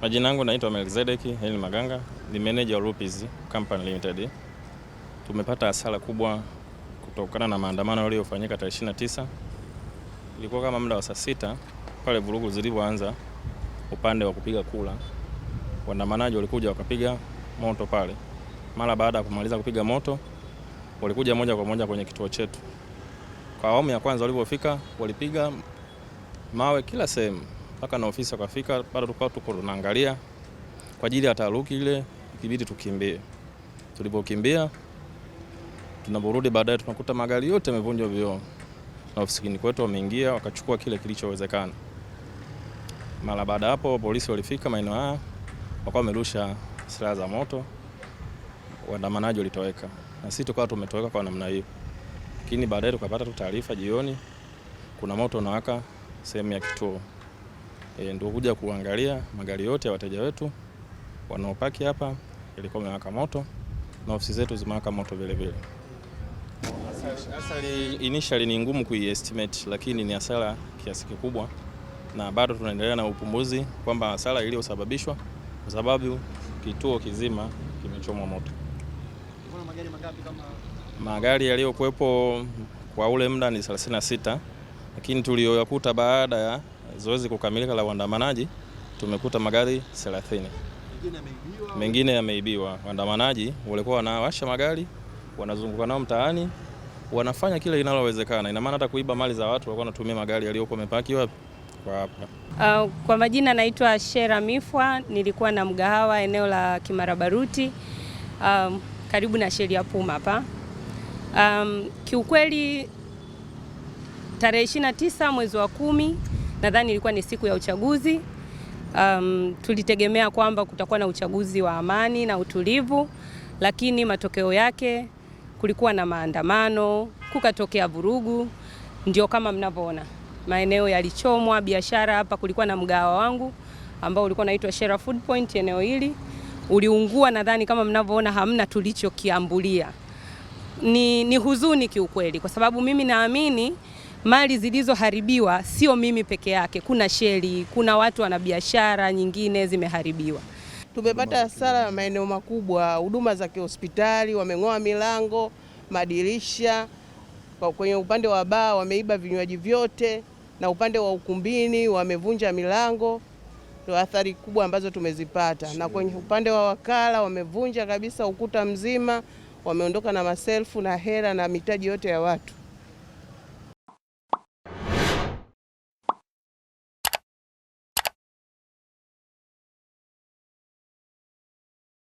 Majina yangu naitwa Melkizedek Heli Maganga, ni manager wa Rupees Company Limited. Tumepata hasara kubwa kutokana na maandamano yaliyofanyika tarehe 29. Ilikuwa kama muda wa saa sita pale vurugu zilivyoanza upande wa kupiga kula. Waandamanaji walikuja wakapiga moto pale. Mara baada ya kumaliza kupiga moto, walikuja moja kwa moja kwenye kituo chetu. Kwa awamu ya kwanza walivyofika, walipiga mawe kila sehemu mpaka na ofisa kafika, bado tukao tuko tunaangalia kwa ajili ya taharuki ile, ikibidi tukimbie. Tulipokimbia tunaporudi baadaye, tunakuta magari yote yamevunjwa vioo na ofisini kwetu wameingia wakachukua kile kilichowezekana. Mara baada hapo, polisi walifika maeneo haya, wakawa wamerusha silaha za moto, waandamanaji walitoweka na sisi tukawa tumetoweka kwa namna hiyo. Lakini baadaye tukapata tu taarifa jioni kuna moto unawaka sehemu ya kituo. E, ndio kuja kuangalia magari yote ya wateja wetu wanaopaki hapa ilikuwa imewaka moto na ofisi zetu zimewaka moto vile vile. Asali initially ni ngumu kuiestimate, lakini ni hasara kiasi kikubwa, na bado tunaendelea na upumbuzi kwamba hasara iliyosababishwa kwa sababu kituo kizima kimechomwa moto. Magari mangapi kama magari yaliyokuwepo kwa ule muda ni 36, lakini tuliyoyakuta baada ya zoezi kukamilika la waandamanaji tumekuta magari 30. Mengine yameibiwa. Waandamanaji walikuwa wanawasha magari, wanazunguka nao mtaani, wanafanya kile inalowezekana. Ina maana hata kuiba mali za watu walikuwa wanatumia magari yaliyokuwa yamepaki wapi kwa hapa. Uh, kwa majina naitwa Shera Mifwa, nilikuwa na mgahawa eneo la Kimarabaruti um, karibu na Sheria Puma hapa. Um, kiukweli tarehe 29 mwezi wa kumi nadhani ilikuwa ni siku ya uchaguzi. Um, tulitegemea kwamba kutakuwa na uchaguzi wa amani na utulivu, lakini matokeo yake kulikuwa na maandamano, kukatokea vurugu, ndio kama mnavyoona maeneo yalichomwa, biashara. Hapa kulikuwa na mgawa wangu ambao ulikuwa unaitwa Shera Food Point, eneo hili uliungua, nadhani kama mnavyoona, hamna tulichokiambulia. Ni, ni huzuni kiukweli, kwa sababu mimi naamini mali zilizoharibiwa sio mimi peke yake, kuna sheli, kuna watu wana biashara nyingine zimeharibiwa. Tumepata hasara maeneo makubwa, huduma za kihospitali wameng'oa milango, madirisha, kwenye upande wa baa wameiba vinywaji vyote, na upande wa ukumbini wamevunja milango. Ndio athari kubwa ambazo tumezipata, na kwenye upande wa wakala wamevunja kabisa ukuta mzima, wameondoka na maselfu na hela na mitaji yote ya watu.